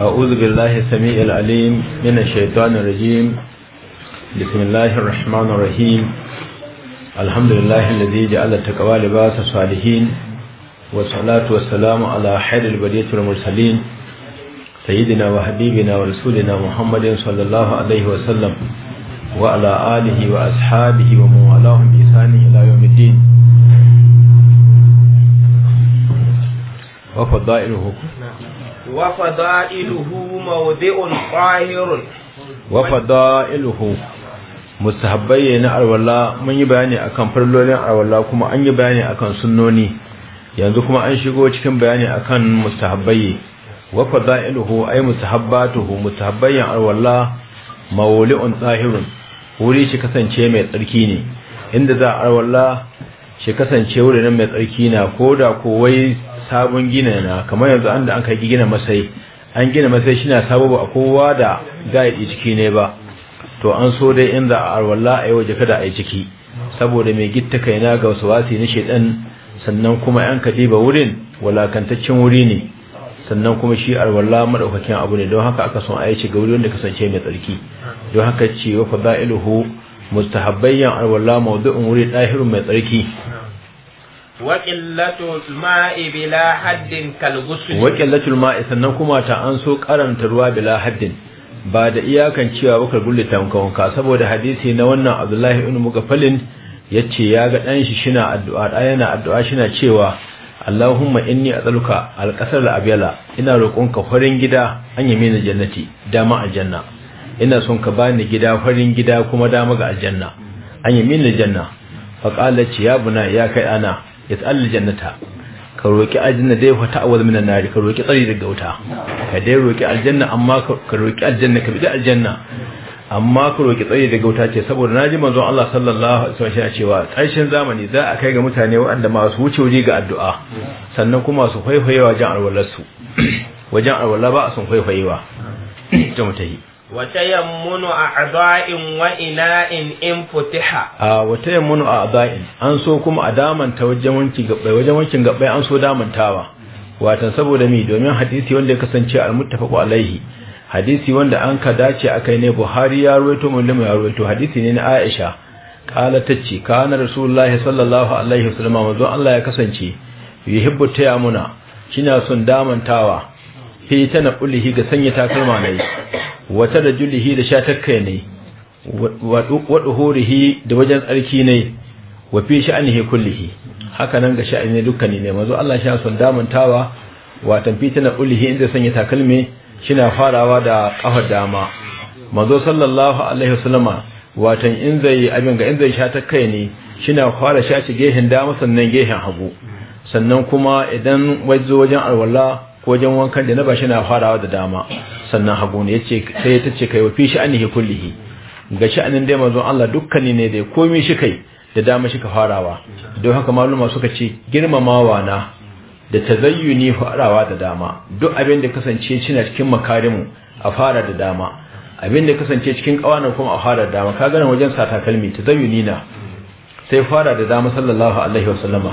أعوذ بالله السميع العليم من الشيطان الرجيم بسم الله الرحمن الرحيم الحمد لله الذي جعل التقوى لباس الصالحين والصلاة والسلام على خير البرية والمرسلين سيدنا وحبيبنا ورسولنا محمد صلى الله عليه وسلم وعلى آله وأصحابه ومن والاهم بإحسان إلى يوم الدين وفضائله وفضائله موضع a وفضائله mustahabbai na mun yi bayani akan farlolin alwala kuma an yi bayani akan sunnoni yanzu kuma an shigo cikin bayani akan mustahabbai wa fadailuhu ay mustahabbatuhu mustahabbayan alwala mawli'un tsahirun wuri shi kasance mai tsarki ne inda za alwala shi kasance wurin mai tsarki na koda ko wai sabon gina na kamar yanzu an da an kai gina masai an gina masai shi na sabo ba kowa da za ciki ne ba to an so dai inda a arwalla a yi waje kada a yi ciki saboda mai gitta kaina ga wasu wasi na shaidan sannan kuma yan kadiba wurin walakantaccen wuri ne sannan kuma shi arwalla madaukakin abu ne don haka aka son a yi shiga wuri wanda kasance mai tsarki don haka ce wa fada'iluhu mustahabbayyan arwalla mawdu'un wuri dahirun mai tsarki waƙillatul ma'i bila haddin ma'i sannan kuma ta an so karanta ruwa bila haddin ba da iyakan cewa ba kalgulle tamkawanka saboda hadisi na wannan abdullahi ibn mugafalin yace ya ga dan shi shina addu'a yana addu'a shina cewa Allahumma inni as'aluka alqasar al-abyala ina ka farin gida an yi mini jannati dama aljanna ina son ka bani gida farin gida kuma dama ga aljanna an yi mini janna fa qala ya buna ya kai ana yas'al aljannata ka roki aljanna dai wa ta'awaz min an-nar ka roki tsari daga wuta ka dai roki aljanna amma ka roki aljanna ka bi aljanna amma ka roki tsari daga wuta ce saboda naji manzo Allah sallallahu alaihi wasallam cewa ƙarshen zamani za a kai ga mutane waɗanda masu wuce wuri ga addu'a sannan kuma su haihuwa jan alwalarsu wajen alwala ba a sun haihuwa ta mutahi wa أعضاء وإناء إن فتح آه وتيمن أعضاء أن سوكم أداما توجه وانكي قبل وجه Wajen قبل أن سو داما watan saboda mi domin hadisi wanda ya kasance al-muttafaqu alaihi hadisi wanda an ka dace akai ne Buhari ya ruwaito Muslim ya ruwaito hadisi ne na Aisha kala tace kana Rasulullahi sallallahu alaihi wasallam manzo Allah ya kasance yuhibbu shi na son damantawa fi tana ulihi ga sanya takalma ne wata da julihi da sha takkai ne wa duhurihi da wajen tsarki ne wa fi sha'anihi kullihi haka nan ga sha'ani dukkani ne manzo Allah shi son damantawa watan fitina ulihi inda sanya takalmi shina farawa da kafar dama manzo sallallahu alaihi wasallama watan in zai abin ga in zai sha takkai ne shina fara shaci gehen dama sannan gehen hagu sannan kuma idan waje wajen alwala wajen wankan da na bashi na farawa da dama sannan haguna ne yace sai ta ce kai wa fi annahi kullihi ga sha'anin dai manzon Allah dukkani ne dai komai shi kai da dama shi ka farawa don haka maluma suka ce girmamawa na da tazayyuni farawa da dama duk abin da kasance cina cikin makarimu a fara da dama abin da kasance cikin kawanan kuma a fara da dama ka gane wajen sa takalmi tazayyuni na sai fara da dama sallallahu alaihi wasallama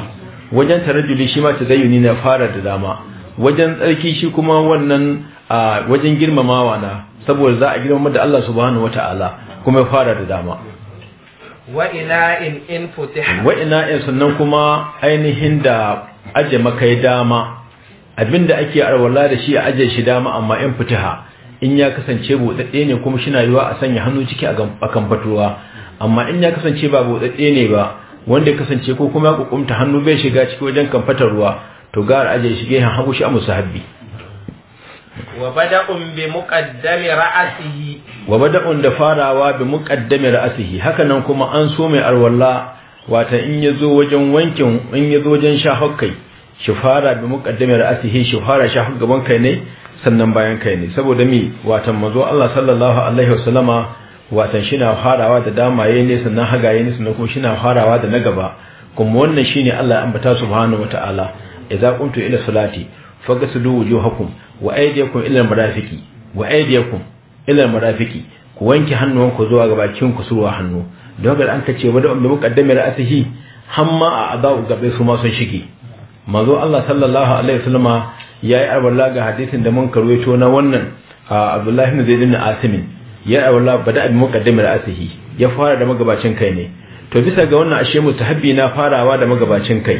wajen tarajjuli shi ma tazayyuni na fara da dama wajen tsarki shi kuma wannan a wajen girmamawa na saboda za a girmama da Allah subhanahu wata'ala kuma ya fara da dama wa ina in wa in sannan kuma ainihin da aje makai dama abinda ake arwala da shi a aje shi dama amma in futiha in ya kasance buɗaɗɗe ne kuma shi na yiwa a sanya hannu ciki a kan batuwa amma in ya kasance ba buɗaɗɗe ne ba wanda ya kasance ko kuma ya kukumta hannu bai shiga ciki wajen kamfatar ruwa to gar aje shi han hagu shi a musahabbi wa bada'un bi muqaddami ra'asihi wa bada'un da farawa bi muqaddami ra'asihi haka nan kuma an so mai alwala wata in yazo wajen wankin in yazo wajen shahukkai shi fara bi muqaddami ra'asihi shi fara shahuk gaban kai ne sannan bayan kai ne saboda mi watan manzo Allah sallallahu alaihi wasallama watan shi na farawa da damaye ne sannan hagaye ne sannan kuma shi na farawa da na gaba kuma wannan shine Allah ya ambata subhanahu wataala idza qumtu ila salati faghsilu wujuhakum wa aydiyakum ila al-marafiqi wa aydiyakum ila marafiqi ku wanke hannuwanku zuwa ga bakin ku surwa hannu don ga an kace wada umma muqaddamir asihi hamma a adau gabe su ma sun shige manzo Allah sallallahu alaihi wasallama yayi arwala ga hadisin da mun karwayo na wannan Abdullahi ibn Zaid ibn Asim ya arwala bada bi muqaddamir asihi ya fara da magabacin kai ne to bisa ga wannan ashe mustahabbi na farawa da magabacin kai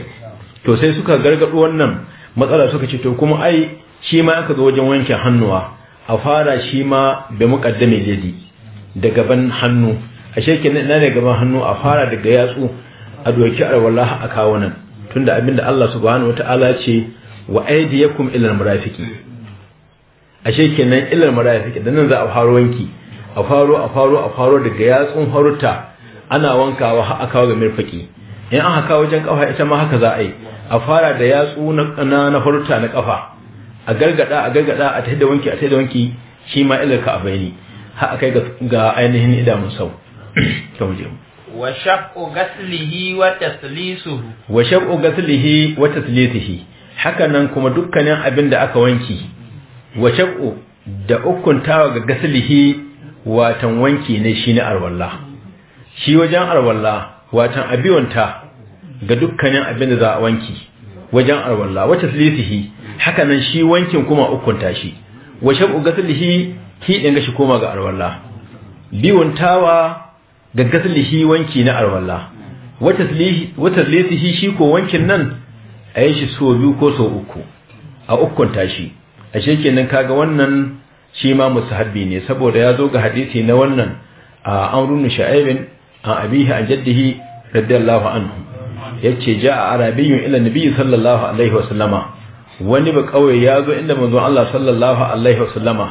to sai suka gargado wannan matsala suka ce to kuma ai shi ma aka zo wajen wanke hannuwa a fara shi ma bai muƙaddame jadi da gaban hannu a shekin na ne gaban hannu a fara daga yatsu a doki arwallah a kawo nan tunda abinda Allah subhanahu wata'ala ce wa aydiyakum ila almarafiqi a shekin nan ila marafiki dan nan za a faro wanki a faro a faro a faro daga yatsun haruta ana wankawa har a kawo ga mirfaki in aka kawo wajen kafa ita ma haka za a yi a fara da yatsu na na furta na kafa a gargada a gargada a tafi da wanki a tafi da wanki shi ma ilar ka abaini har akai ga ainihin mun sau ta muje wa shab'u gaslihi wa taslisuhu wa shab'u wa haka nan kuma dukkanin abin da aka wanki wa shab'u da ukuntawa ga gaslihi watan wanki ne shi ne arwalla shi wajen arwalla watan abiwanta ga dukkanin abin da za a wanki wajen arwalla wacce silisihi haka nan shi wankin kuma ukunta shi wa shab'u gaslihi ki din shi koma ga arwalla biyun tawa ga gaslihi wanki na arwalla wa silisihi shi ko wankin nan a yi shi so biyu ko so uku a ukunta shi a nan kaga wannan shi ma musu habbi ne saboda ya zo ga hadisi na wannan a amrun sha'ibin an abihi an jaddihi radiyallahu anhu yace ja'a arabiyyun ila nabiy sallallahu alaihi wasallama wani ba kauye ya zo inda manzon Allah sallallahu alaihi wasallama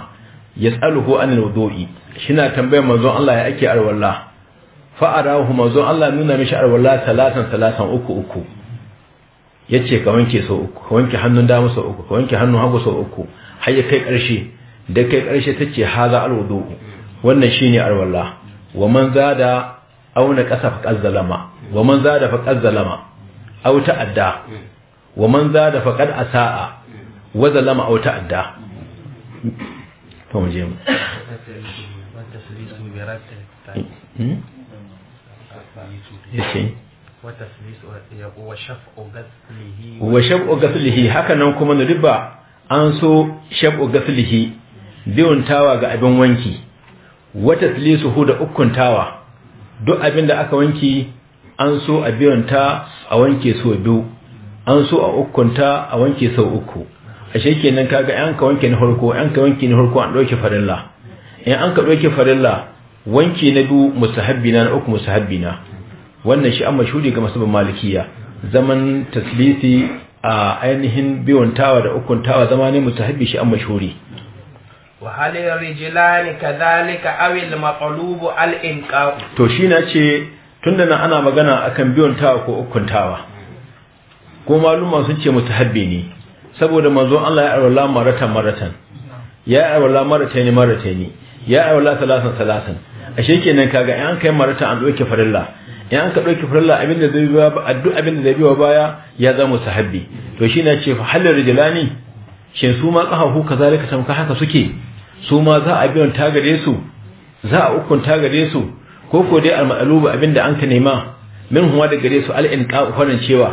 yas'aluhu an alwudu'i shina tambayar manzon Allah ya ake arwalla fa arahu manzon Allah nuna mishi arwalla talatan talatan uku uku yace ka wanke sau uku ka wanke hannun dama sau uku ka wanke hannun hagu sau uku har ya kai karshe da kai karshe tace haza alwudu'u wannan shine arwalla wa man zada auna kasafa qazzalama wa man zada faqad zalama aw ta'adda wa man zada faqad asaa wa zalama aw ta'adda to mu je mu wa shaf'u gaslihi haka nan kuma na riba an so shaf'u gaslihi biyun tawa ga abin wanki wata hu da ukun tawa duk abin da aka wanki an so a biyanta a wanke sau biyu an so a ukunta a wanke sau uku A ashe nan kaga an ka wanke na harko an ka wanke na harko an ɗauke farilla in an ka dauke farilla wanke na biyu musahabbi na uku na wannan shi an shudi ga masabin malikiya zaman taslisi a ainihin biyan tawa da ukuntawa tawa zama ne musahabbi shi an mashhuri wa halil rijlani kadhalika awil maqlubu al inqa to shi na tunda nan ana magana akan biyon tawa ko ukuntawa ko maluma sun ce mutahabbi ne saboda manzo Allah ya arola maratan maratan ya arola marataini marataini ya arola salasan salasan ashe kenan kaga in an kai marata an doke farilla in an ka doke farilla abinda zai biwa ba addu da zai biya baya ya zama sahabbi to shi na ce fa halal rijlani shin su ma qahahu kazalika tamka haka suke su ma za a biyon tagare su za a ukun gare su ko ko dai al-ma'lubu abinda anka nema min huwa da gare su al-inqa farin cewa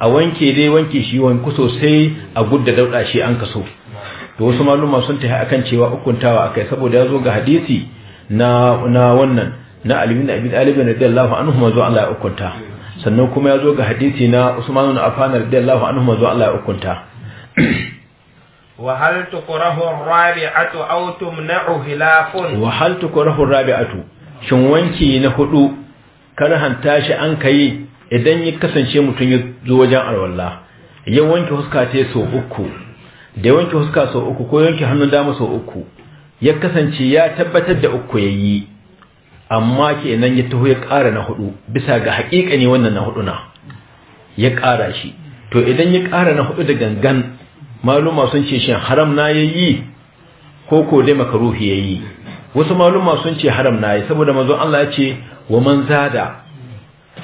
a wanke dai wanke shi wanku sosai a gudda dauda shi an kaso to wasu maluma sun tafi akan cewa hukuntawa akai saboda ya zo ga hadisi na na wannan na Ali bin Abi Talib radiyallahu anhu zo Allah ya hukunta sannan kuma ya zo ga hadisi na Usman bin Affan radhiyallahu anhu zo Allah ya hukunta وهل تكره الرابعة أو تمنع خلاف وهل تكره الرابعة shin wanki na hudu karhanta shi an kai idan ya kasance mutum ya zo wajen alwala ya wanke huska ta so uku da ya huska so uku ko yanki hannun dama so uku ya kasance ya tabbatar da uku ya yi amma ke nan ya taho ya ƙara na hudu bisa ga haƙiƙa ne wannan na hudu na ya ƙara shi to idan ya ƙara na hudu da gangan maluma sun ce shin haram na ya yi ko ko dai makaruhi ya yi wasu maluma sun ce haram na yi saboda mazo Allah ya ce wa man zada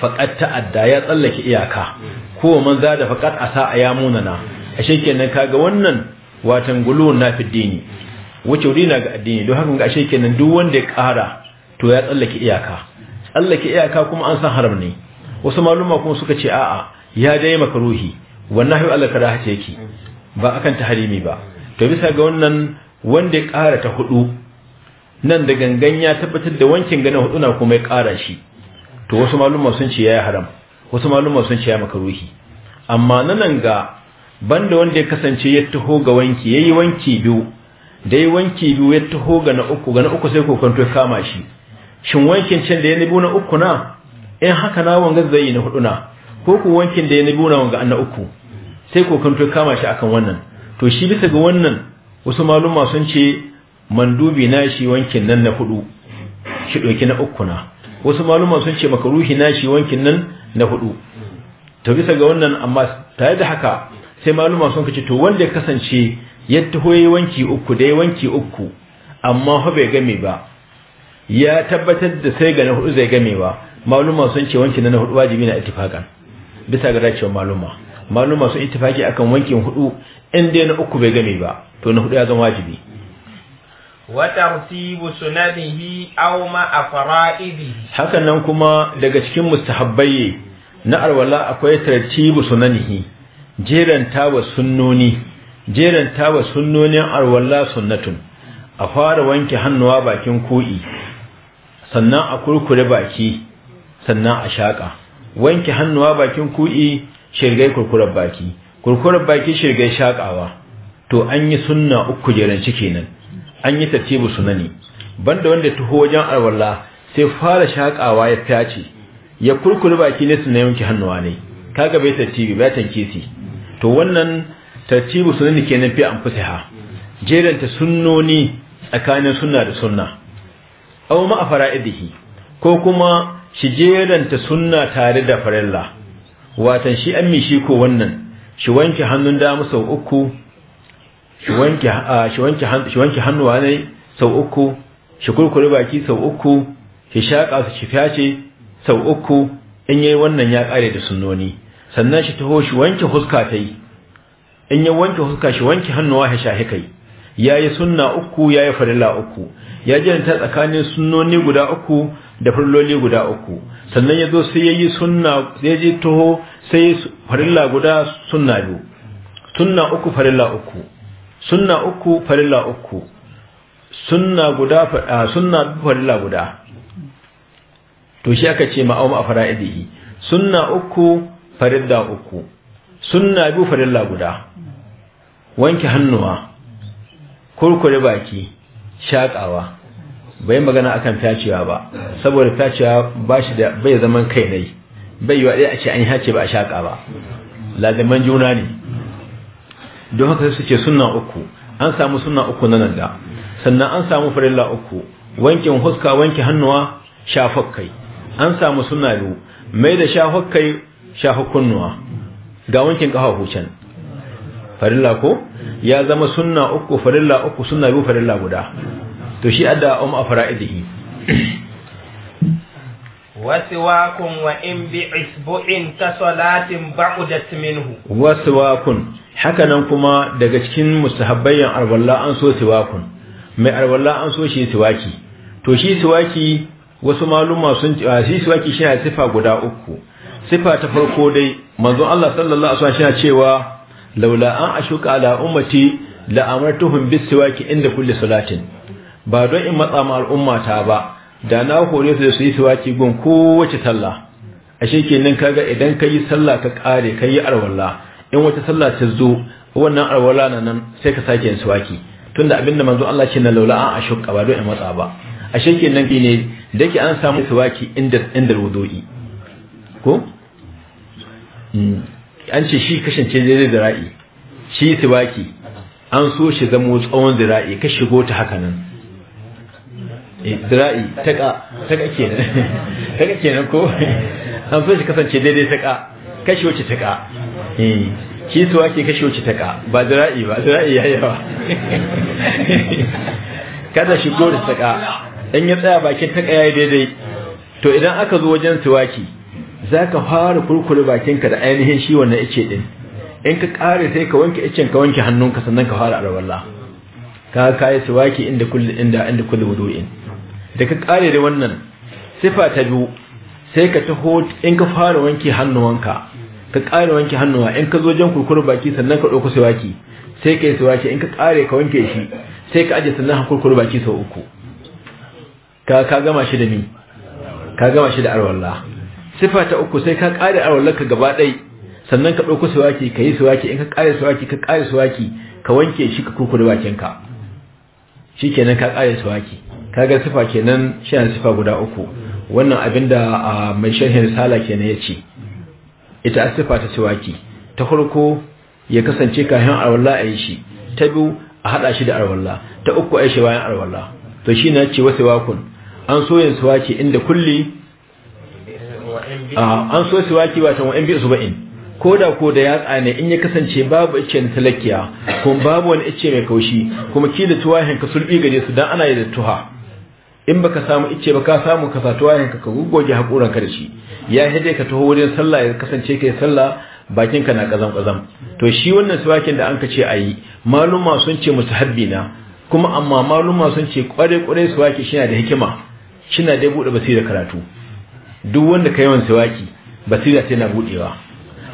ta'adda ya tsallake iyaka ko wa man zada faqat asa ayamunana ashe kenan kaga wannan watan gulun na fi dini wuce rina ga addini don haka ashe kenan duk wanda ya kara to ya tsallake iyaka tsallake iyaka kuma an san haram ne wasu maluma kuma suka ce a'a ya dai makruhi wannan hayu Allah karaha hace yake ba akan harimi ba to bisa ga wannan wanda ya kara ta hudu nan da gangan ya tabbatar da wankin ganin hudu na kuma ya ƙara shi to wasu maluma sun ce ya haram wasu maluma sun ce ya makaruhi amma nan ga banda wanda ya kasance ya taho ga wanki ya yi wanki biyu da yi wanki biyu ya taho ga na uku ga na uku sai kokonto ya kama shi shin wankin can da ya nabi na uku na in haka na wanga zai yi na hudu na ko ku wankin da ya nabi na wanga na uku sai kokonto ya kama shi akan wannan to shi bisa ga wannan wasu maluma sun ce mandubi na shi wankin nan na hudu shi ɗauki na uku na wasu maluma sun ce makaruhi na shi wankin nan na hudu to bisa ga wannan amma tare da haka sai maluma sun kace to wanda ya kasance ya taho yayi wanki uku da wanki uku amma ha bai game ba ya tabbatar da sai ga na hudu zai game ba maluma sun ce wankin nan na hudu wajibi na ittifaqan bisa ga dacewar maluma maluma sun ittifaki akan wankin hudu in dai na uku bai game ba to na hudu ya zama wajibi وترتيب سننه أو مع فرائده هكذا نكما daga cikin mustahabbai na alwala akwai tartibu sunanihi jeran tawa sunnoni jeran tawa a fara wanke hannuwa bakin koi sannan a kurkure baki sannan a shaka wanke hannuwa bakin koi shirgai kurkurar baki kurkurar baki shirgai shakawa to an yi sunna uku jeran kenan an yi tartibu sunani banda wanda tuho wajen alwala sai fara shakawa ya fyace ya kurkuru baki ne sunan yanki hannuwa ne kaga bai tartibi bai tankisi to wannan tartibu sunani kenan fi anfusiha jeranta sunnoni tsakanin sunna da sunna aw ma fara'idihi ko kuma shi jeranta sunna tare da farilla watan shi an shi ko wannan shi wanke hannun dama sau uku shi wanke hannuwa ne sau uku shi kurkure baki sau uku shi shaƙa su shi fyace sau uku in yi wannan ya ƙare da sunoni sannan shi taho shi wanke huska ta yi in yi wanke huska shi wanke hannuwa ya shahi kai ya yi suna uku ya yi farilla uku ya janta tsakanin sunoni guda uku da farilloli guda uku sannan ya zo sai ya yi suna ya je taho sai farilla guda suna biyu suna uku farilla uku sunna uku farilla uku sunna guda ah, sunna farilla guda to shi aka ce ma'aum a fara'idihi sunna uku farilla uku sunna biyu farilla guda wanke hannuwa kurkure baki shakawa bai magana akan tacewa ba saboda tacewa ba shi da bai zaman kai ne bai yi ɗaya a ce an yi hace ba a shaka ba lazaman juna ne don haka su ce sunna uku an samu sunna uku na nan da sannan an samu farilla uku wankin huska wanke hannuwa shafar kai an samu sunna biyu mai da shafar kai shafar kunnuwa ga wankin kafa hucen farilla ko ya zama sunna uku farilla uku sunna biyu farilla guda to shi adda um afra'idihi wasiwakun wa in bi isbu'in ka salatin ba'udat minhu wasiwakun hakanan kuma daga cikin mustahabbayyan arwalla an so siwakun mai arwalla an so shi siwaki to shi siwaki wasu maluma sun ah, shi siwaki shi sifa guda uku sifa ta farko dai manzon Allah sallallahu alaihi wasallam cewa laula an ashuka ala ummati la amartuhum bis siwaki inda kulli salatin ba don in matsa ma al'ummata ba da na hore su da su yi siwaki gun kowace sallah ashe kenan kaga idan kayi sallah ka kare yi arwalla in wata sallah ta zo wannan alwala na nan sai ka sake yin suwaki tunda abinda manzo Allah ce na laula an ashqa ba don in matsa ba a shanke nan ne da ke an samu suwaki inda inda wudu'i ko hmm. an ce shi kashin ce zai zira'i shi suwaki an so shi zama tsawon zira'i ka shigo ta haka nan eh, zira'i taka taka kenan taka kenan ko an so shi kasance daidai taka kashi wace taka eh hmm. kisuwa ke kashe wuce taka ba zira'i ba zira'i ya yawa kada shigo da taka in ya tsaya bakin taka yi daidai to idan aka zo wajen za ka fara kurkure bakinka da ainihin shi wannan ice din in ka kare sai ka wanke icen ka wanke hannunka sannan ka fara arwalla ka yi siwaki inda kullu inda inda kullu wudu'in da ka kare da wannan sifa ta biyu sai ka taho in ka fara wanke hannuwanka ka ƙara wanke hannuwa in ka zo jan kurkuru baki sannan ka ɗauko siwaki sai ka yi siwaki in ka ƙare ka wanke shi sai ka aje sannan kurkurin baki sau uku ka ka gama shi da ni ka gama shi da arwallah sifa ta uku sai ka ƙare arwallah ka gaba ɗai sannan ka ɗauko siwaki ka yi siwaki in ka ƙare siwaki ka ƙare siwaki ka wanke shi ka kurkurin bakinka shi kenan ka ƙare siwaki ka ga sifa kenan shi sifa guda uku wannan abinda ah, mai sharhin sala kenan ya ce ita asifa ta siwaki ta farko ya kasance kayan arwalla a yi shi ta biyu a haɗa shi da arwalla ta uku a yi shi bayan arwalla to shi na ce wasu wakun an so yin siwaki inda kulli an so siwaki wa'in biyu suba'in ko da ko da yatsa ne in ya kasance babu ice na talakiya kuma babu wani ice mai kaushi kuma ki da tuwahin ka sulbi gare su dan ana yi da tuha in ba ka samu ice ba ka samu ka sa yanka ka goge haƙuran ka da shi ya dai ka taho wajen sallah ya kasance kai sallah bakin ka na kazam kazam to shi wannan siwakin da an ka ce ayi maluma sun ce mustahabbi na kuma amma maluma sun ce kware kware siwaki shi da hikima shi na dai bude basira karatu duk wanda ka yawan siwaki basira sai na buɗewa.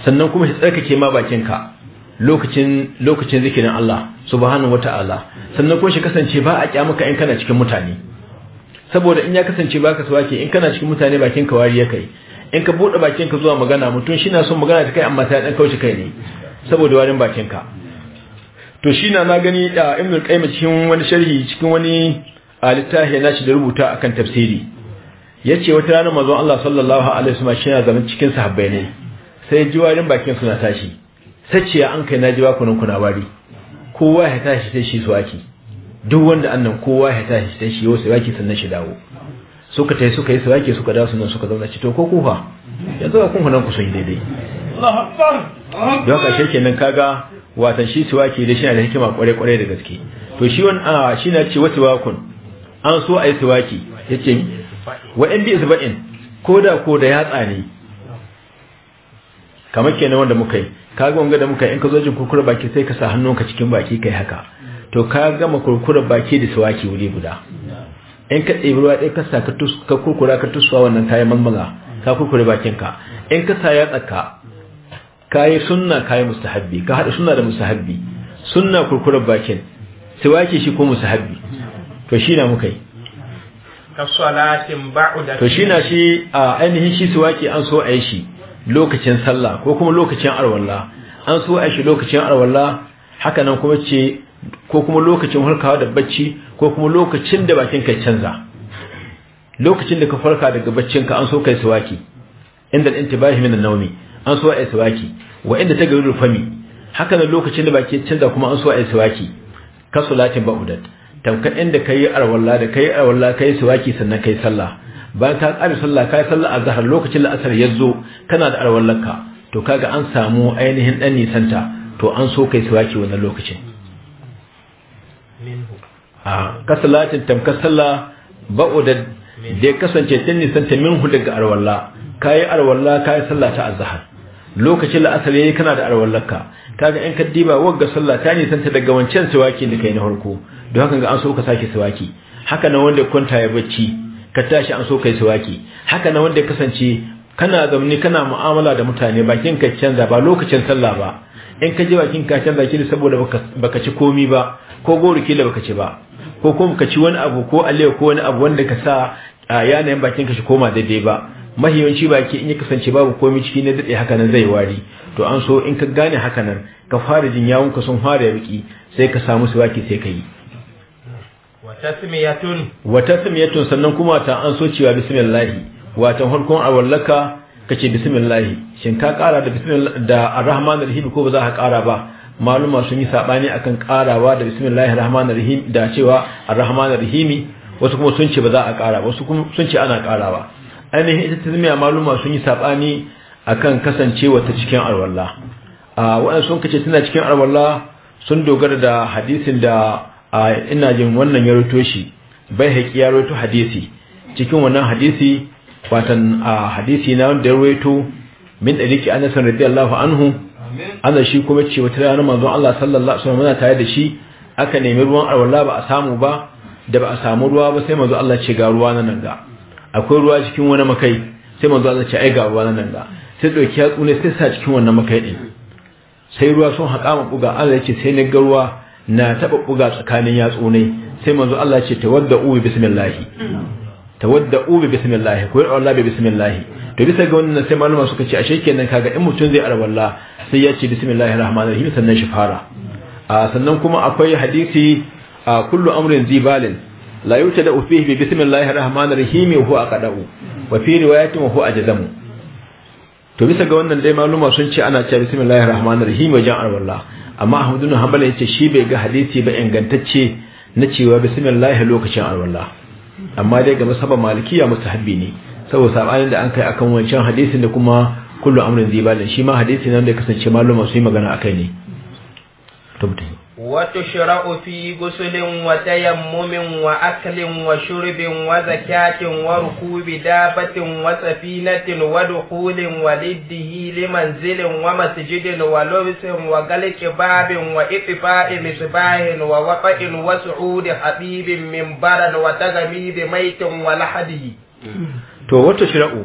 sannan kuma shi tsarkake ma bakin ka lokacin lokacin zikirin Allah subhanahu wataala sannan kuma shi kasance ba a maka in kana cikin mutane saboda in ya kasance baka sawaki in kana cikin mutane bakin ka wari kai in ka bude bakin ka zuwa magana mutum shi na son magana ta kai amma ta dan kauce kai ne saboda warin bakin ka to shi na na gani da ibnul qayyim cikin wani sharhi cikin wani alitahi na shi da rubuta akan tafsiri yace wata ranar manzon Allah sallallahu alaihi wasallam shi na zaman cikin sahabbai ne sai ji warin bakin suna tashi sace an kai na ji bakunan kuna wari kowa ya tashi sai shi suwaki duk wanda annan kowa ya tashi shi tashi yau siraki sannan shi dawo suka tai suka yi siraki suka dawo sannan suka zauna ci to ko kufa yanzu ga kunkunan ku sai daidai Allahu akbar yau ka sheke nan kaga watan shi siwaki da shi na da hikima kware kware da gaske to shi wani a shi na ce wata wakun an so a yi siwaki yace wa in bi isba'in koda ko da yatsa kamar kenan wanda muka yi kaga wanga da muka yi in ka zo jin kukura baki sai ka sa hannunka cikin baki kai haka to ka gama kurkura baki da tsawaki wuri guda in ka ɗebi ruwa ɗaya ka sa ka kurkura ka tusuwa wannan yi mammaga ka kurkure bakinka in ka sa tsaka. ka yi sunna ka yi musahabbi ka haɗa sunna da musahabbi sunna kurkura bakin tsawaki shi ko musahabbi to shi na muka yi to shi na shi a ainihin shi tsawaki an so a yi shi lokacin sallah ko kuma lokacin arwalla an so a yi shi lokacin arwalla haka nan kuma ce ko kuma lokacin farkawa da bacci ko kuma lokacin da bakin canza lokacin da ka farka daga baccin ka an so kai sawaki inda intibahi min an-nawmi an so ai sawaki wa inda ta gari rufami haka nan lokacin da baki canza kuma an so ai sawaki ka salatin ba'udat tamkan inda kai arwalla da kai arwalla kai sawaki sannan kai sallah bayan ka kare sallah kai sallah azhar lokacin la'asar yazo kana da arwallanka to kaga an samu ainihin dan nisanta to an so kai sawaki wannan lokacin a kasalatin tamka sallah da ya kasance ta nisan ta minhu daga arwalla ka yi arwalla ka yi sallah ta azahar lokacin la'asar yayi kana da arwallarka kaga in ka diba wagga sallah ta nisan ta daga wancan siwaki da kai na farko don haka ga an so ka sake siwaki haka na wanda kwanta ya bacci ka tashi an so kai siwaki haka na wanda ya kasance kana zamni kana mu'amala da mutane bakin ka canza ba lokacin sallah ba in ka je bakin kacan baki da saboda baka ci komi ba ko goro kila baka ci ba ko kuma ka ci wani abu ko alewa ko wani abu wanda ka sa a yanayin bakin ka shi koma daidai ba mahiyanci baki in ya kasance babu komi ciki na daɗe haka nan zai wari to an so in ka gane haka nan ka fara jin yawon ka sun fara yaki sai ka samu su baki sai ka yi wata sannan kuma ta an so cewa bismillahi watan a awallaka kace bismillah shin ka kara da bismillah da arrahman arrahim ko ba za ka kara ba maluma sun yi sabani akan karawa da bismillah arrahman arrahim da cewa arrahman arrahimi wasu kuma sun ce ba za a kara wasu kuma sun ce ana karawa ainihin ita tazmiya maluma sun yi sabani akan kasancewa ta cikin alwala a wannan sun kace tana cikin alwala sun dogara da hadisin da ina jin wannan ya shi bai haƙi ya roto hadisi cikin wannan hadisi watan a hadisi na wanda ya rawaito min dariki Anas radiyallahu anhu Allah shi kuma ce wata rana manzon Allah sallallahu alaihi wasallam tare da shi aka nemi ruwan alwala ba a samu ba da ba a samu ruwa ba sai manzon Allah ce ga ruwa nan ga akwai ruwa cikin wani makai sai manzon Allah ce ai ga ruwa nan ga sai dauki yatsu ne sai sa cikin wannan makai din sai ruwa sun haƙa ma buga Allah ce sai ne ga ruwa na taba buga tsakanin yatsu ne sai manzon Allah ce tawadda'u bismillah mm. tawadda'u bi bismillah ko Allah bi bismillah to bisa ga wannan sai malama suka ce ashe kenan kaga in mutun zai arwalla sai ya ce bismillahir rahmanir rahim sannan shi fara A sannan kuma akwai hadisi a kullu amrin zibalin la yutada fihi bi bismillahir rahmanir rahim hu huwa aqda'u wa fi riwayatin hu huwa ajzamu to bisa ga wannan dai maluma sun ce ana cewa bismillahir rahmanir rahim wajen arwalla amma Ahmadu bin Hanbal ce shi bai ga hadisi ba ingantacce na cewa bismillahir lokacin arwalla amma dai ga masaba malikiya mustahabbi ne saboda sabanin da an kai akan wancan hadisin da kuma kullu amrin zibalin shi ma hadisi ne da ya kasance maluma su yi magana akai ne وتشرع في غسل وتيمم وأكل وشرب وزكاة وركوب دابة وسفينة ودخول ولده لمنزل ومسجد ولبس وغلق باب وإطفاء مصباح ووقع وسعود حبيب من برد وتغميد ميت ولحده تو وتشرع shira'u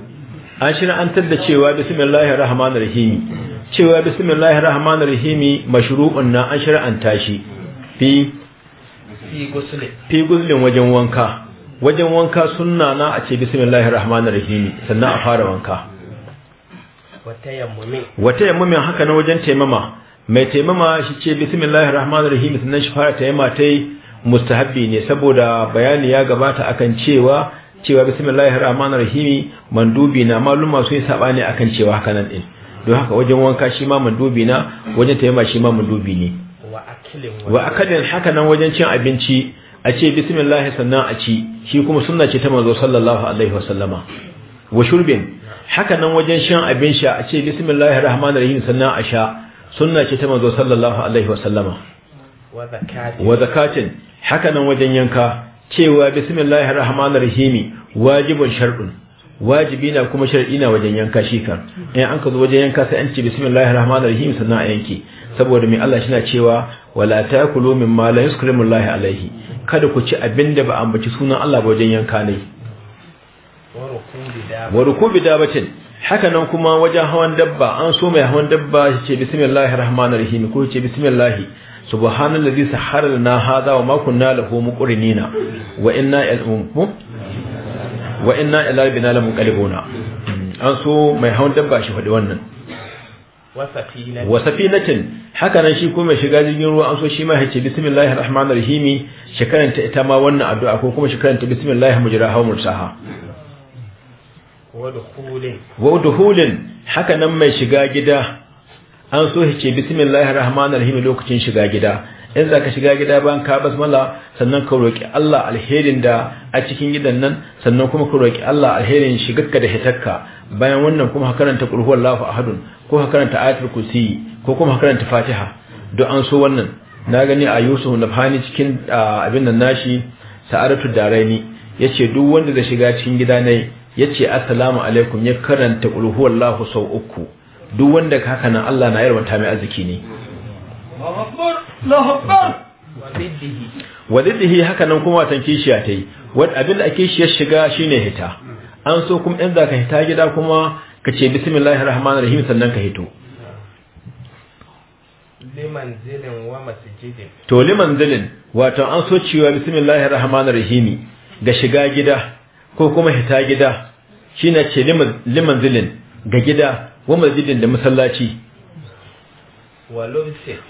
an shira'antar بسم الله الرحمن الرحيم cewa bismillahir rahmanir rahimi mashru'un na an shar'anta shi fi fi guzlin wajen wanka wajen wanka sunna na a ce bismillahir rahmanir rahimi sannan a fara wanka wata yammumin haka na wajen taimama mai taimama shi ce bismillahir rahmanir rahimi sannan shi fara taimama ta yi mustahabbi ne saboda bayani ya gabata akan cewa cewa bismillahir rahmanir rahimi mandubi na maluma sun yi ne akan cewa hakanan din don haka wajen wanka shi ma mandubi na wajen taimaka shi ma mandubi ne wa akalin haka nan wajen cin abinci a ce bismillah sannan a ci shi kuma suna ce ta manzo sallallahu alaihi wasallama wa shurbin haka nan wajen shan abin sha a ce bismillahir rahmanir rahim sannan a sha sunna ce ta manzo sallallahu alaihi wasallama wa zakatin haka nan wajen yanka cewa bismillahir rahmanir rahim wajibun shar'un wajibi na kuma shar'i na wajen yanka shi kan in an ka zo wajen yanka sai an ce bismillahir rahmanir rahim sannan a yanke saboda mai Allah shi cewa wala taakulu mimma la yuzkurimullahi alaihi kada ku ci abinda ba ambaci sunan Allah ba wajen yanka ne wa rukubi dabatin haka nan kuma wajen hawan dabba an so mai hawan dabba shi ce bismillahir rahmanir rahim ko ce bismillahi subhanallazi sahhara lana hadha wa ma kunna lahu muqrinina wa inna ilmu wa inna ila rabbina lamunqalibuna an so mai hawan dabba shi faɗi wannan wa safinatin haka nan shi kuma shiga jirgin ruwa an so shi ma hace bismillahir rahmanir rahim shi karanta ita ma wannan addu'a ko kuma shi karanta bismillahir mujraha wa mursaha wa dukhulin haka nan mai shiga gida an so hace bismillahir rahmanir rahim lokacin shiga gida in za ka shiga gida bayan ka basmala sannan ka roƙi Allah alherin da a cikin gidan nan sannan kuma ka roƙi Allah alherin shigarka da hitarka bayan wannan kuma ka karanta qul huwallahu ahadun ko ka karanta ayatul kursi ko kuma ka karanta fatiha don an so wannan na gani a Yusuf nafani cikin abin nan nashi Sa'adatu Daraini yace duk wanda zai shiga cikin gida ne yace assalamu alaikum ya karanta qul huwallahu sau uku duk wanda haka nan Allah na yarwanta mai arziki ne Allahu Akbar waliddihi haka nan kuma watan kishiya ta yi abin da ake shiyar shiga shine hita an so kuma in za ka hita gida kuma ka ce bismillahir rahmanir rahim sannan ka hito to liman zilin wato an so cewa bismillahir rahmanir rahim ga shiga gida ko kuma hita gida shine ce liman zilin ga gida wa masjidin da masallaci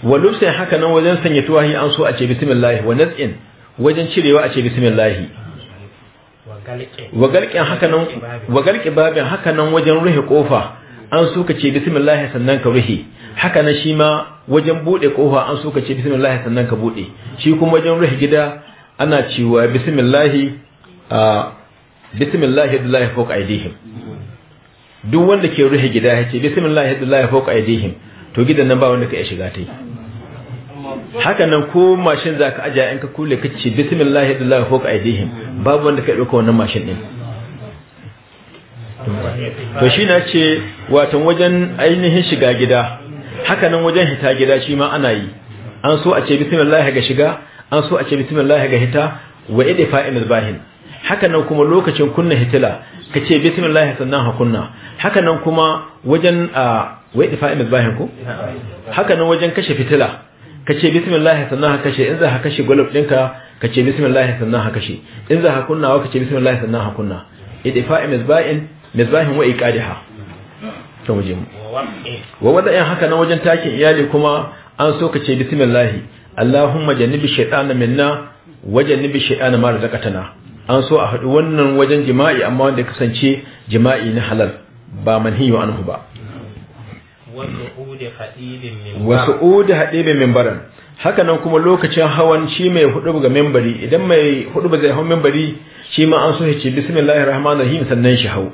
wa haka nan wajen sanya tuwahi an so a ce bismillah wa naz'in wajen cirewa a ce bismillah wa galqin haka nan wa babin haka nan wajen ruhe kofa an so ka ce bismillah sannan ka ruhe haka nan shi ma wajen bude kofa an so ka ce bismillah sannan ka bude shi kuma wajen ruhe gida ana cewa bismillah a bismillah yadullahi fawqa aydihim duk wanda ke ruhe gida yace bismillah yadullahi fawqa aydihim to gidan nan ba wanda ka iya shiga ta yi haka nan ko mashin za ka ajiye in ka kule ka ce bismillah ya dalla ko aidihim babu wanda ka ɗauka wannan mashin ɗin to shi na ce watan wajen ainihin shiga gida haka nan wajen hita gida shi ma ana yi an so a ce bismillah ga shiga an so a ce bismillah ga hita wa ida fa'in albahin haka nan kuma lokacin kunna hitila ka ce bismillah sannan hakunna haka nan kuma wajen a ah, wai ifa'il misbahin ko haka nan wajen kashe fitila ka ce bismillah sannan ka kashe in za ka kashe gulab ɗinka ka ce bismillah sannan ka kashe in za ka kunnawa ka ce bismillahi sannan ka kunna idfa'il misbahin misbahin wa iqadiha to muje mu wa in haka nan wajen takin iyali kuma an so ka ce bismillah Allahumma jannibi shaytana minna wa jannibi shaytana ma razaqatana an so a haɗu wannan wajen jima'i amma wanda kasance jima'i na halal ba manhiyu anhu ba wasu uda haɗebe mimbaran haka nan kuma lokacin hawan shi mai hudu ga membari idan mai hudu ga zai hau membari shi ma an so ya ce bismillahir rahmanir rahim sannan shi hau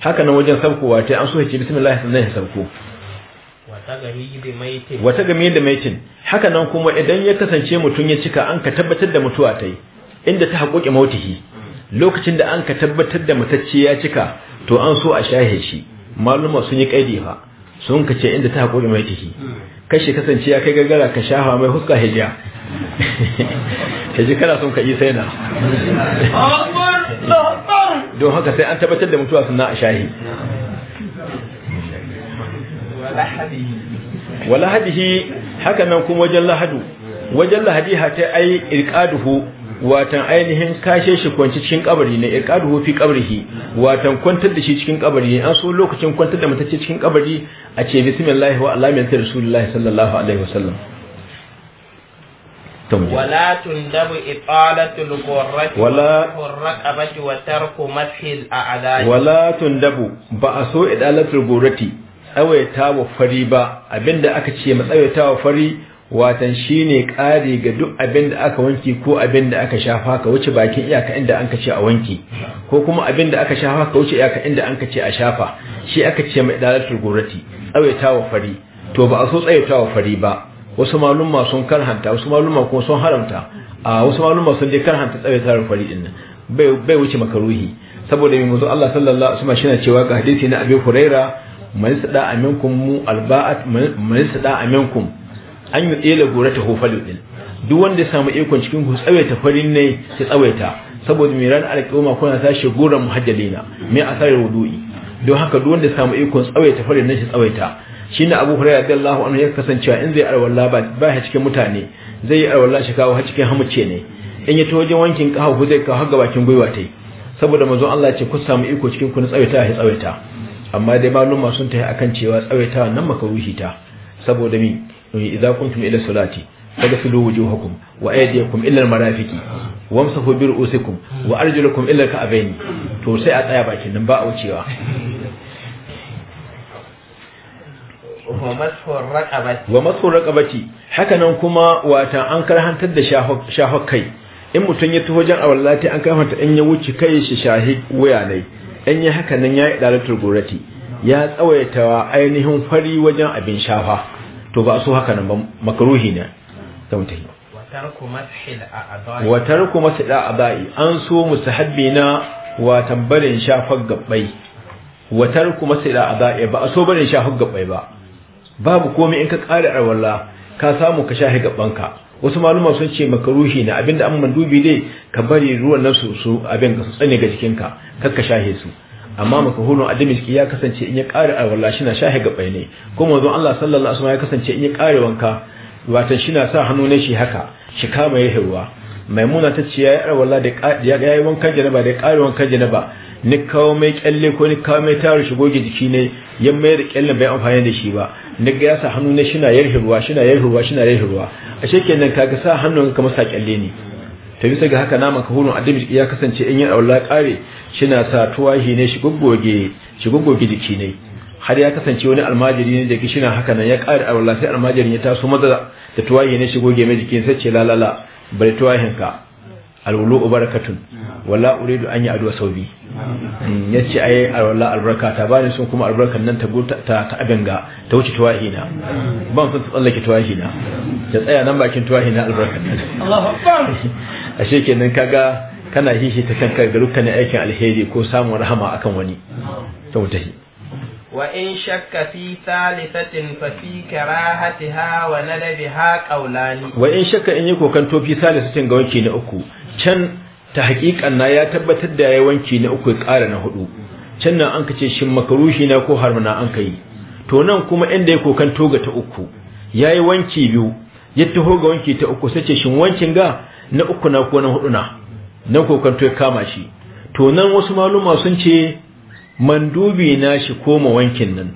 haka nan wajen sabkowa wata, an so ce bismillah sannan ya sabko wata gami da maitin haka nan kuma idan ya kasance mutum ya cika an ka tabbatar da mutuwa ta yi inda ta haƙoƙi mautihi lokacin da an ka tabbatar da matacce ya cika to an so a shahe shi maluma sun yi ƙaidi fa sun kace inda ta haƙuri mai ciki kashi kasance ya kai gargara ka shafa mai huska hijiya hijiya kana sun ka sai na don haka sai an tabbatar da mutuwa suna a shahi wala hadihi haka nan kuma wajen lahadu wajen lahadiha ta ai irkaduhu watan ainihin kashe shi kwanci cikin kabari ne iqaduhu fi qabrihi watan kwantar da shi cikin kabari an so lokacin kwantar da mutacce cikin kabari a ce bismillah wa min rasulullahi sallallahu alaihi wasallam ولا تندب إطالة الغرة ولا الرقبة وترك مسح الأعداء ولا تندب so إطالة الغرة tsawaitawa fari ba abinda aka ce matsawaitawa fari watan shine ƙari ga duk abin da aka wanki ko abin da aka shafa ka wuce bakin iyaka inda an kace a wanki ko kuma abin da aka shafa ka wuce iyaka inda an kace a shafa shi aka ce mai dalatul gurati tsawaitawa fari to ba a so tsawaitawa fari ba wasu malumma sun karhanta wasu malumma kuma sun haramta a wasu malumma sun je karhanta tsawaitawa fari din bai bai wuce makaruhi saboda mai manzo Allah sallallahu alaihi wasallam shi na cewa ga hadisi na Abi Huraira man sada aminkum mu alba'at man sada aminkum an yi tsela gora ta hofalu din duk wanda ya samu ikon cikin ku tsawaita farin ne ya tsawaita saboda mai ran alƙawma kuna tashi gora muhajjalina mai asarar wudu'i don haka duk wanda ya samu ikon tsawaita farin ne ta tsawaita shine Abu Hurairah allahu anhu ya kasancewa in zai arwalla ba ba shi cikin mutane zai yi arwalla shi kawo har cikin hamuce ne in ya ta wajen wankin kawo ku zai kawo har bakin gwiwa tai saboda manzon Allah ya ce ku samu iko cikin ku na tsawaita ya tsawaita amma dai masu ta yi akan cewa tsawaita nan makaruhi ta saboda mi Eh, idza kuntum ila salati fadkhulu wujuhakum wa aydiyakum ila almarafiqi wamsahu bi ru'usikum wa arjulakum ila alka'bayn to sai a tsaya bakin nan ba a wucewa wa masu raƙabati haka kuma wata an karhantar da shahon kai in mutum ya tuho jan awallati an karhanta in ya wuce kai shi shahi wuya hakanan in yi ya yi gorati ya tsawaita ainihin fari wajen abin shafa to ba so haka nan ba makaruhi ne ta mutane wa tarku a ba'i an so mustahabbi na wa tambarin shafar gabbai wa tarku a ba'i ba a so barin shafar gabbai ba babu komai in ka ƙara arwalla ka samu ka shahi gabbanka wasu maluma sun ce makaruhi na abinda an mandubi dai ka bari ruwan nan su abin ka su tsane ga jikinka kar ka shahe su amma makahulun adamiski ya kasance in ya a walla shi na shahe ga ne kuma wanzu Allah sallallahu alaihi wasallam ya kasance in ya ƙare wanka watan shi na sa hannu ne shi haka shi kama ya hewa maimuna ta ce ya yi alwala da ya yi wankan janaba da kare wanka wankan janaba ni kawo mai kyalle ko ni kawo mai taro shigo ga jiki ne yan mai da kyalle bai amfani da shi ba ni ga ya sa hannu ne shina shi na yar yarhe shi na yar ruwa a shekenan kaga sa hannun ka masa kyalle ne ta bisa ga haka na ka hulun adam ya kasance in ya aula kare shina sa tuwahi ne shi goggoge shi jiki ne har ya kasance wani almajiri ne da ki shina haka nan ya ƙari a wallahi almajirin ya taso maza da tuwahi ne shi goge mai jikin sai ce lalala bari tuwahin ka alwulu barakatun walla uridu an yi adwa saubi mm, yace ai alwala albarka ta bani sun kuma albarkan nan ta ta ta abinga ta wuce tuwahi na ban sun tsallake tuwahi na ta tsaya nan bakin tuwahi na albarkan Allahu akbar ashe kenan kaga kana shi ta kanka ga dukkanin aikin alheri ko samun rahama akan wani tautahi wa in shakka fi thalithatin fa fi karahatiha wa nadabiha qawlani wa in shakka in yi kokanto fi thalithatin ga wanki na uku can ta hakikan na ya tabbatar da yayi wanki na uku ya ƙara na hudu can nan an kace shin makarushi na ko harmana an kai to nan kuma inda ya kokanto ga ta uku yayi wanki biyu ya taho ga wanki ta uku sai ce shin wankin ga na uku na ko na hudu na Na kokanto ya kama shi to nan wasu maluma sun ce mandubi na shi koma wankin nan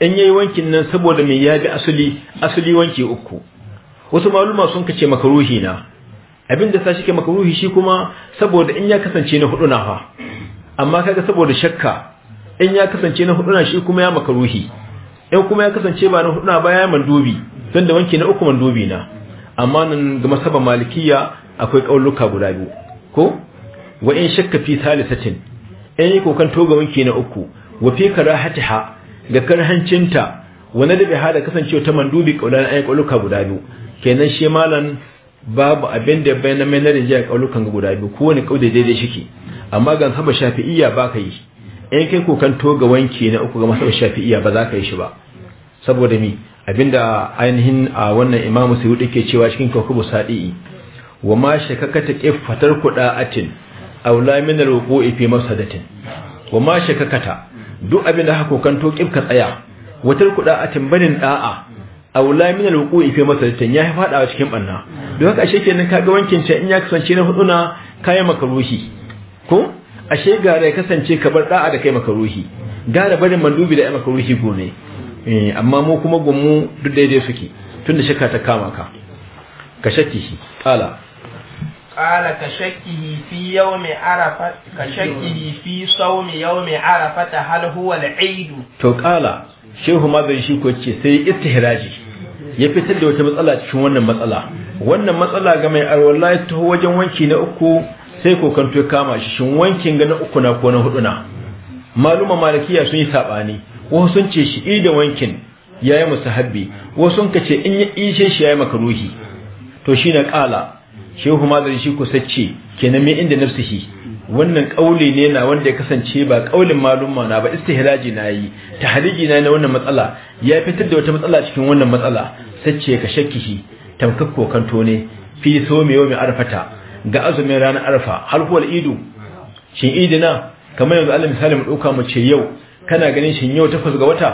in yayi wankin nan saboda mai ya bi asali asali wanki uku wasu maluma sun kace ruhi na abinda sa shi ke ruhi shi kuma saboda in ya kasance na hudu na fa amma kaga saboda shakka in ya kasance na hudu na shi kuma ya ruhi. in kuma ya kasance ba na hudu na ba ya mandubi don da wanki na uku mandubi na amma nan ga masaba malikiya akwai kauluka guda biyu ko wa in shakka fi thalithatin in yi kokan toga wanki na uku wa fi karahatiha ga karhancinta wa dabi da kasancewa ta mandubi kaulan ayi kauluka guda biyu kenan shi malan babu abin da bai na mai na rinjiya kaulukan guda biyu kowane kaude daidai shike amma ga saba shafi'iyya ba ka yi in kai kokan toga wanki na uku ga masaba shafi'iyya ba za ka yi shi ba saboda mi abinda ainihin a wannan imamu sayyid ke cewa cikin kokubu sadi'i wa ma shakakata qiffatar quda'atin aw la min alwuqu'i fi mafsadatin wa ma shakakata duk abin da hako kan to qifka tsaya watar quda'atin banin da'a aw la min alwuqu'i fi mafsadatin ya fada cikin banna don haka ashe kenan kaga wankin ce in ya kasance na huduna kayan makaruhi ko ashe gara ya kasance ka bar da'a da kai makaruhi gara barin mandubi da makaruhi gobe. Eh, amma mu kuma gumu duk daidai suke tunda shakka ta kama ka ka shakki qala قال كشكه في يوم عرفة كشكه في صوم يوم عرفة هل هو العيد تو قال shehu ma bai shi kwace sai istihraji ya fitar da wata matsala cikin wannan matsala wannan matsala ga mai arwala ya wajen wanki na uku sai kokanto ya kama shi shin wankin ga na uku na ko na hudu na maluma malikiya sun yi sabani wasu sun ce shi ida wankin yayi musahabbi wasu sun kace in ya ishe shi yayi makaruhi to shi na kala shehu malari shi sacce kenan mai inda shi wannan kauli ne na wanda ya kasance ba kaulin maluma na ba istihraji na yi tahriji na na wannan matsala ya fitar da wata matsala cikin wannan matsala sace ka shakki shi tamkak kokanto ne fi so me yau mai arfata ga azumin ranar arfa har kuwa idu shin idina kamar yanzu Allah misali mu dauka mu ce yau kana ganin shi yau takwas ga wata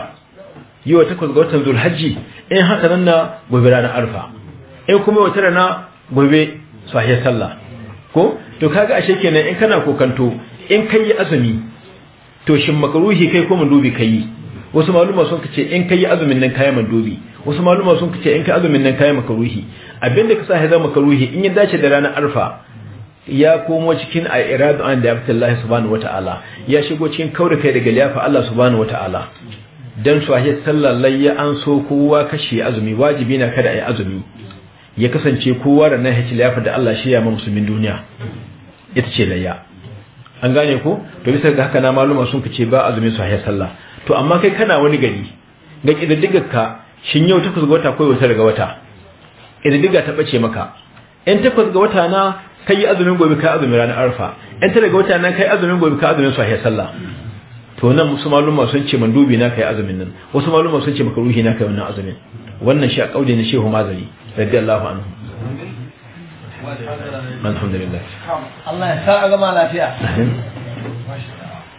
yau takwas ga watan zulhajji in haka nan na gobe ranar arfa in kuma wata rana gobe sahiya sallah ko to kaga ashe kenan in kana kokanto in kai azumi to shin makruhi kai ko mandubi kai wasu maluma sun kace in kai azumin nan kai mandubi wasu maluma sun kace in kai azumin nan kai makruhi abinda ka sa ya zama makruhi in ya dace da ranar arfa ya komo cikin a iradu an da abdullahi subhanahu wata'ala ya shigo cikin kaura kai daga liyafa Allah subhanahu wata'ala dan sahiya haye sallallahu ya an so kowa kashi azumi wajibi na kada ai azumi ya kasance kowa da na haci liyafar da Allah shi ya ma musulmin duniya ita ce layya an gane ko to bisa ga haka na maluma sun fice ba azumin su hayar sallah to amma kai kana wani gari ga kididdiga ka shin yau takwas ga wata ko wata daga wata kididdiga ta bace maka in takwas ga wata na kai azumin gobe kai azumin ranar arfa in ta daga wata na kai azumin gobe kai azumin su hayar sallah to nan musu maluma sun ce mandubi na kai azumin nan wasu maluma sun ce maka ruhi na kai wannan azumin wannan shi a kaudi na shehu mazali radiyallahu anhu alhamdulillah ya sa gama lafiya